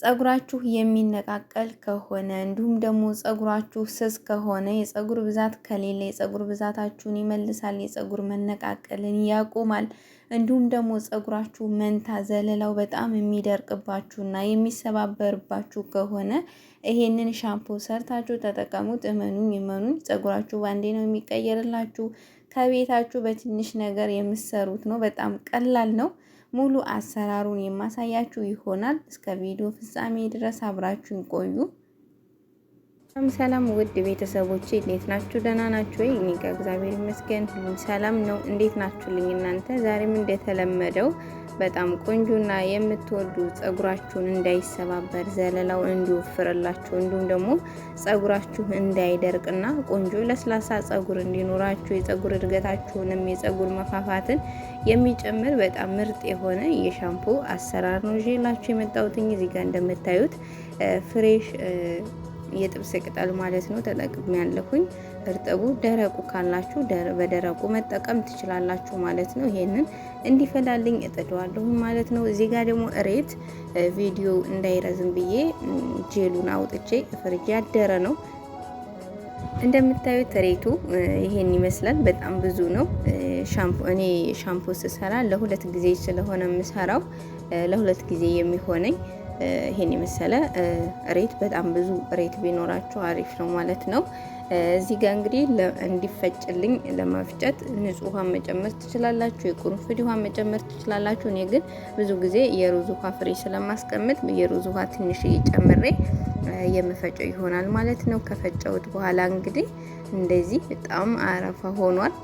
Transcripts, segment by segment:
ፀጉራችሁ የሚነቃቀል ከሆነ እንዲሁም ደግሞ ፀጉራችሁ ስስ ከሆነ የፀጉር ብዛት ከሌለ የፀጉር ብዛታችሁን ይመልሳል፣ የፀጉር መነቃቀልን ያቆማል። እንዲሁም ደግሞ ፀጉራችሁ መንታ ዘለላው በጣም የሚደርቅባችሁና የሚሰባበርባችሁ ከሆነ ይሄንን ሻምፖ ሰርታችሁ ተጠቀሙት። እመኑኝ እመኑኝ፣ ፀጉራችሁ ባንዴ ነው የሚቀየርላችሁ። ከቤታችሁ በትንሽ ነገር የምትሰሩት ነው። በጣም ቀላል ነው። ሙሉ አሰራሩን የማሳያችሁ ይሆናል። እስከ ቪዲዮ ፍጻሜ ድረስ አብራችሁን ቆዩ። ሰላም ሰላም ውድ ቤተሰቦች እንዴት ናችሁ? ደህና ናችሁ ወይ? እኔ ጋር እግዚአብሔር ይመስገን ሁሉም ሰላም ነው። እንዴት ልኝ እናንተ? ዛሬም እንደተለመደው በጣም ቆንጆና የምትወዱ ጸጉራችሁን እንዳይሰባበር ዘለላው እንዲወፍርላችሁ እንዲሁም ደግሞ ጸጉራችሁ እንዳይደርቅና ቆንጆ ለስላሳ ጸጉር እንዲኖራችሁ የጸጉር እድገታችሁንም የጸጉር መፋፋትን የሚጨምር በጣም ምርጥ የሆነ የሻምፖ አሰራር ነው ይዤላችሁ የመጣሁት። እዚህ ጋር እንደምታዩት ፍሬሽ የጥብስ ቅጠል ማለት ነው ተጠቅሜ ያለሁኝ። እርጥቡ ደረቁ ካላችሁ በደረቁ መጠቀም ትችላላችሁ ማለት ነው። ይሄንን እንዲፈላልኝ እጥደዋለሁ ማለት ነው። እዚህ ጋር ደግሞ እሬት ቪዲዮ እንዳይረዝም ብዬ ጄሉን አውጥቼ ፍርጅ ያደረ ነው። እንደምታዩት ሬቱ ይሄን ይመስላል። በጣም ብዙ ነው። ሻምፖ እኔ ሻምፖ ስሰራ ለሁለት ጊዜ ስለሆነ የምሰራው ለሁለት ጊዜ የሚሆነኝ ይሄን የመሰለ ሬት በጣም ብዙ ሬት ቢኖራችሁ አሪፍ ነው ማለት ነው። እዚህ ጋር እንግዲህ እንዲፈጭልኝ ለመፍጨት ንጹህ ውሃ መጨመር ትችላላችሁ፣ የቁርንፍድ ውሃ መጨመር ትችላላችሁ። እኔ ግን ብዙ ጊዜ የሩዝ ውሃ ፍሬ ስለማስቀምጥ የሩዝ ውሃ ትንሽ ጨምሬ የምፈጨው ይሆናል ማለት ነው። ከፈጨሁት በኋላ እንግዲህ እንደዚህ በጣም አረፋ ሆኗል።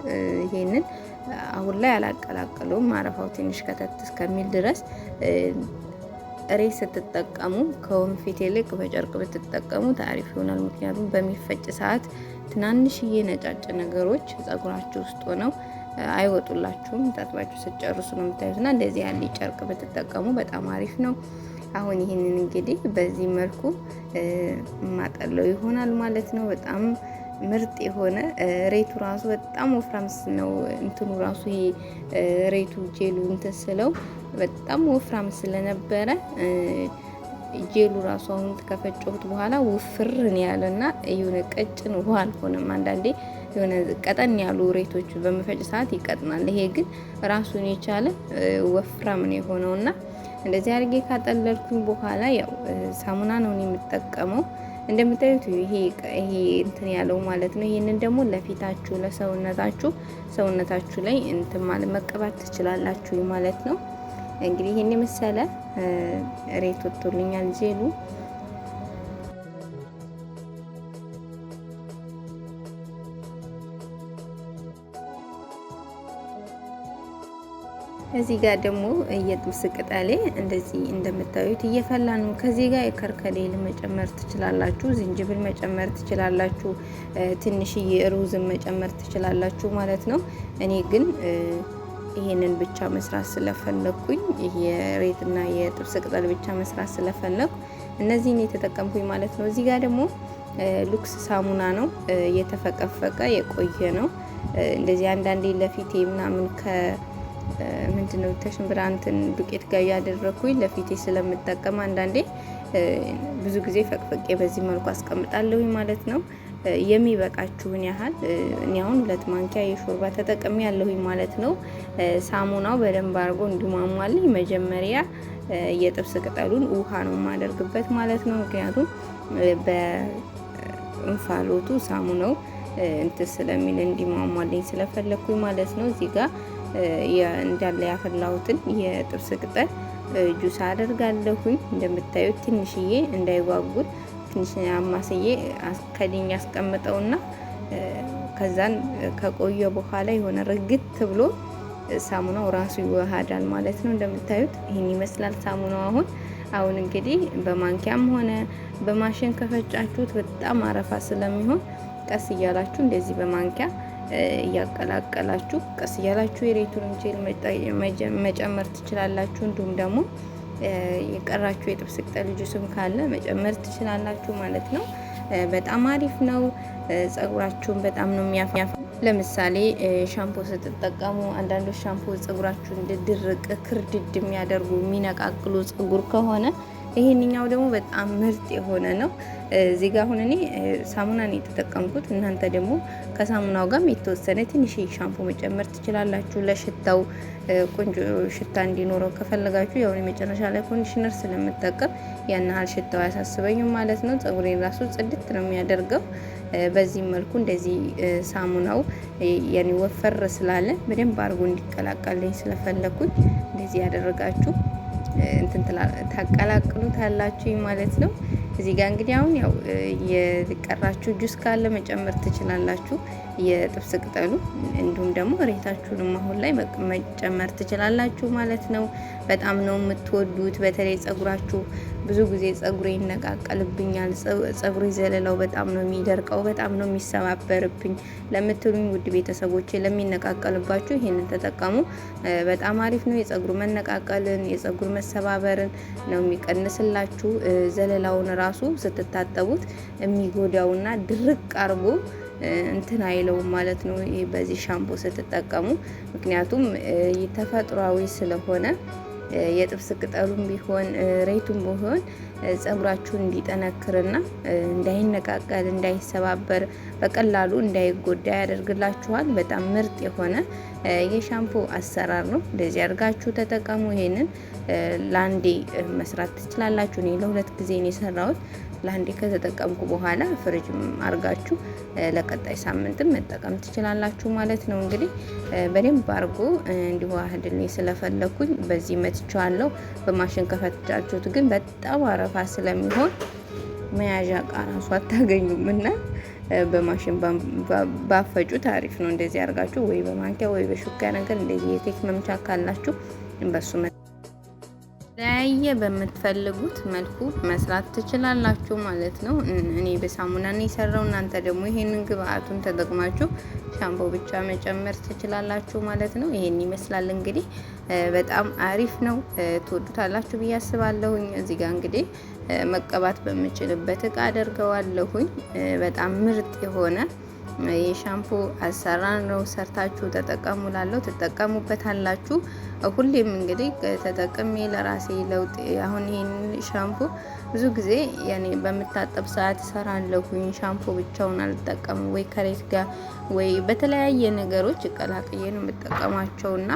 ይሄንን አሁን ላይ አላቀላቀሉም። አረፋው ትንሽ ከተት እስከሚል ድረስ ሬት ስትጠቀሙ ከወንፊት ይልቅ በጨርቅ ብትጠቀሙ ታሪፍ ይሆናል። ምክንያቱም በሚፈጭ ሰዓት ትናንሽዬ ነጫጭ ነገሮች ጸጉራችሁ ውስጥ ሆነው አይወጡላችሁም። ታጥባችሁ ስትጨርሱ ነው የምታዩትና እንደዚህ ያለ ጨርቅ ብትጠቀሙ በጣም አሪፍ ነው። አሁን ይህንን እንግዲህ በዚህ መልኩ ማጠለው ይሆናል ማለት ነው በጣም ምርጥ የሆነ ሬቱ ራሱ በጣም ወፍራም ነው። እንትኑ ራሱ ሬቱ ጄሉ እንትን ስለው በጣም ወፍራም ስለነበረ ጄሉ ራሱ አሁን ከፈጨሁት በኋላ ውፍርን ያለና የሆነ ቀጭን ውሃ አልሆነም። አንዳንዴ የሆነ ቀጠን ያሉ ሬቶች በመፈጭ ሰዓት ይቀጥናል። ይሄ ግን ራሱን የቻለ ወፍራም ነው የሆነውና እንደዚህ አድርጌ ካጠለልኩኝ በኋላ ያው ሳሙና ነው የምጠቀመው እንደምታዩት ይሄ ይሄ እንትን ያለው ማለት ነው። ይህንን ደግሞ ለፊታችሁ ለሰውነታችሁ ሰውነታችሁ ላይ እንትን ማለት መቀባት ትችላላችሁ ማለት ነው። እንግዲህ ይህን የመሰለ ሬት ወጥቶልኛል ጄሉ እዚህ ጋር ደግሞ የጥብስ ቅጠሌ እንደዚህ እንደምታዩት እየፈላ ነው። ከዚህ ጋር የከርከሌ መጨመር ትችላላችሁ፣ ዝንጅብል መጨመር ትችላላችሁ፣ ትንሽዬ ሩዝን መጨመር ትችላላችሁ ማለት ነው። እኔ ግን ይሄንን ብቻ መስራት ስለፈለኩኝ የሬትና የጥብስ ቅጠል ብቻ መስራት ስለፈለኩ እነዚህን የተጠቀምኩኝ ማለት ነው። እዚህ ጋር ደግሞ ሉክስ ሳሙና ነው የተፈቀፈቀ የቆየ ነው። እንደዚህ አንዳንዴ ለፊቴ ምናምን ከ ምንድነው ተሽንብራንትን ተሽንብራ እንትን ዱቄት ጋር እያደረኩኝ ለፊቴ ስለምጠቀም አንዳንዴ ብዙ ጊዜ ፈቅፈቄ በዚህ መልኩ አስቀምጣለሁ ማለት ነው። የሚበቃችሁን ያህል እኔ አሁን ሁለት ማንኪያ የሾርባ ተጠቀሚ ያለሁኝ ማለት ነው። ሳሙናው በደንብ አድርጎ እንዲሟሟልኝ መጀመሪያ የጥብስ ቅጠሉን ውሃ ነው የማደርግበት ማለት ነው። ምክንያቱም በእንፋሎቱ ሳሙናው እንትን ስለሚል እንዲሟሟልኝ ስለፈለግኩኝ ማለት ነው እዚህ ጋር እንዳለ ያፈላሁትን የጥብስ ቅጠል ጁስ አደርጋለሁኝ። እንደምታዩት ትንሽዬ እንዳይጓጉል ትንሽ አማስዬ ከድኝ ያስቀምጠውና ከዛን ከቆየ በኋላ የሆነ ርግት ብሎ ሳሙናው ራሱ ይዋሃዳል ማለት ነው። እንደምታዩት ይህን ይመስላል ሳሙናው አሁን አሁን እንግዲህ በማንኪያም ሆነ በማሽን ከፈጫችሁት በጣም አረፋ ስለሚሆን ቀስ እያላችሁ እንደዚህ በማንኪያ እያቀላቀላችሁ ቀስ እያላችሁ የሬቱን ጄል መጨመር ትችላላችሁ። እንዲሁም ደግሞ የቀራችሁ የጥብስ ቅጠል ጁስም ካለ መጨመር ትችላላችሁ ማለት ነው። በጣም አሪፍ ነው። ጸጉራችሁን በጣም ነው የሚያፍያ። ለምሳሌ ሻምፖ ስትጠቀሙ አንዳንዶች ሻምፖ ጸጉራችሁ ድርቅ ክርድድ የሚያደርጉ የሚነቃቅሉ ጸጉር ከሆነ ይሄንኛው ደግሞ በጣም ምርጥ የሆነ ነው። እዚህ ጋር አሁን እኔ ሳሙና የተጠቀምኩት። እናንተ ደግሞ ከሳሙናው ጋር የተወሰነ ትንሽ ሻምፖ መጨመር ትችላላችሁ። ለሽታው ቆንጆ ሽታ እንዲኖረው ከፈለጋችሁ የሆነ የመጨረሻ ላይ ኮንዲሽነር ስለምጠቀም ያን ያህል ሽታው አያሳስበኝም ማለት ነው። ጸጉሬን ራሱ ጽድት ነው የሚያደርገው። በዚህ መልኩ እንደዚህ ሳሙናው ያኔ ወፈር ስላለ በደንብ አድርጎ እንዲቀላቀልኝ ስለፈለግኩኝ እንደዚህ ያደረጋችሁ እንትን ታቀላቅሉታላችሁ ማለት ነው። እዚህ ጋር እንግዲህ አሁን ያው የቀራችሁ ጁስ ካለ መጨመር ትችላላችሁ። የጥብስ ቅጠሉ እንዲሁም ደግሞ ሬታችሁንም አሁን ላይ መጨመር ትችላላችሁ ማለት ነው። በጣም ነው የምትወዱት። በተለይ ጸጉራችሁ ብዙ ጊዜ ጸጉሬ ይነቃቀልብኛል፣ ጸጉሬ ዘለላው በጣም ነው የሚደርቀው፣ በጣም ነው የሚሰባበርብኝ ለምትሉኝ ውድ ቤተሰቦች ለሚነቃቀልባችሁ ይሄንን ተጠቀሙ። በጣም አሪፍ ነው። የጸጉር መነቃቀልን የጸጉር መሰባበርን ነው የሚቀንስላችሁ። ዘለላውን ራሱ ስትታጠቡት የሚጎዳውና ድርቅ አርጎ እንትን አይለውም ማለት ነው በዚህ ሻምፖ ስትጠቀሙ። ምክንያቱም ተፈጥሯዊ ስለሆነ የጥብስ ቅጠሉም ቢሆን ሬቱም ቢሆን ጸጉራችሁን እንዲጠነክርና እንዳይነቃቀል እንዳይሰባበር በቀላሉ እንዳይጎዳ ያደርግላችኋል። በጣም ምርጥ የሆነ የሻምፖ አሰራር ነው። እንደዚህ አድርጋችሁ ተጠቀሙ። ይሄንን ለአንዴ መስራት ትችላላችሁ። እኔ ለሁለት ጊዜ ነው የሰራሁት። ለአንዴ ከተጠቀምኩ በኋላ ፍርጅ አርጋችሁ ለቀጣይ ሳምንትም መጠቀም ትችላላችሁ ማለት ነው። እንግዲህ በደንብ አርጎ እንዲዋህድልኝ ስለፈለኩኝ በዚህ መትቼዋለሁ። በማሽን ከፈትቻችሁት ግን በጣም አረፋ ስለሚሆን መያዣ ቃ ራሱ አታገኙም እና በማሽን ባፈጩት አሪፍ ነው። እንደዚህ አርጋችሁ ወይ በማንኪያ ወይ በሹካ ነገር እንደዚህ የቴክ መምቻ ካላችሁ በሱ ተለያየ በምትፈልጉት መልኩ መስራት ትችላላችሁ ማለት ነው። እኔ በሳሙና ነው የሰራው። እናንተ ደግሞ ይሄንን ግብአቱን ተጠቅማችሁ ሻምፖ ብቻ መጨመር ትችላላችሁ ማለት ነው። ይሄን ይመስላል እንግዲህ በጣም አሪፍ ነው። ትወዱታላችሁ ብዬ አስባለሁኝ። እዚህ ጋር እንግዲህ መቀባት በምችልበት እቃ አደርገዋለሁኝ። በጣም ምርጥ የሆነ የሻምፖ አሰራር ነው። ሰርታችሁ ተጠቀሙ ላለው ትጠቀሙበታላችሁ። ሁሌም እንግዲህ ተጠቅሜ ለራሴ ለውጥ አሁን ይሄን ሻምፖ ብዙ ጊዜ ያኔ በምታጠብ ሰዓት እሰራለሁኝ። ሻምፖ ብቻውን አልጠቀሙ ወይ ከሬት ጋር ወይ በተለያየ ነገሮች ቀላቅዬ ነው የምጠቀማቸውና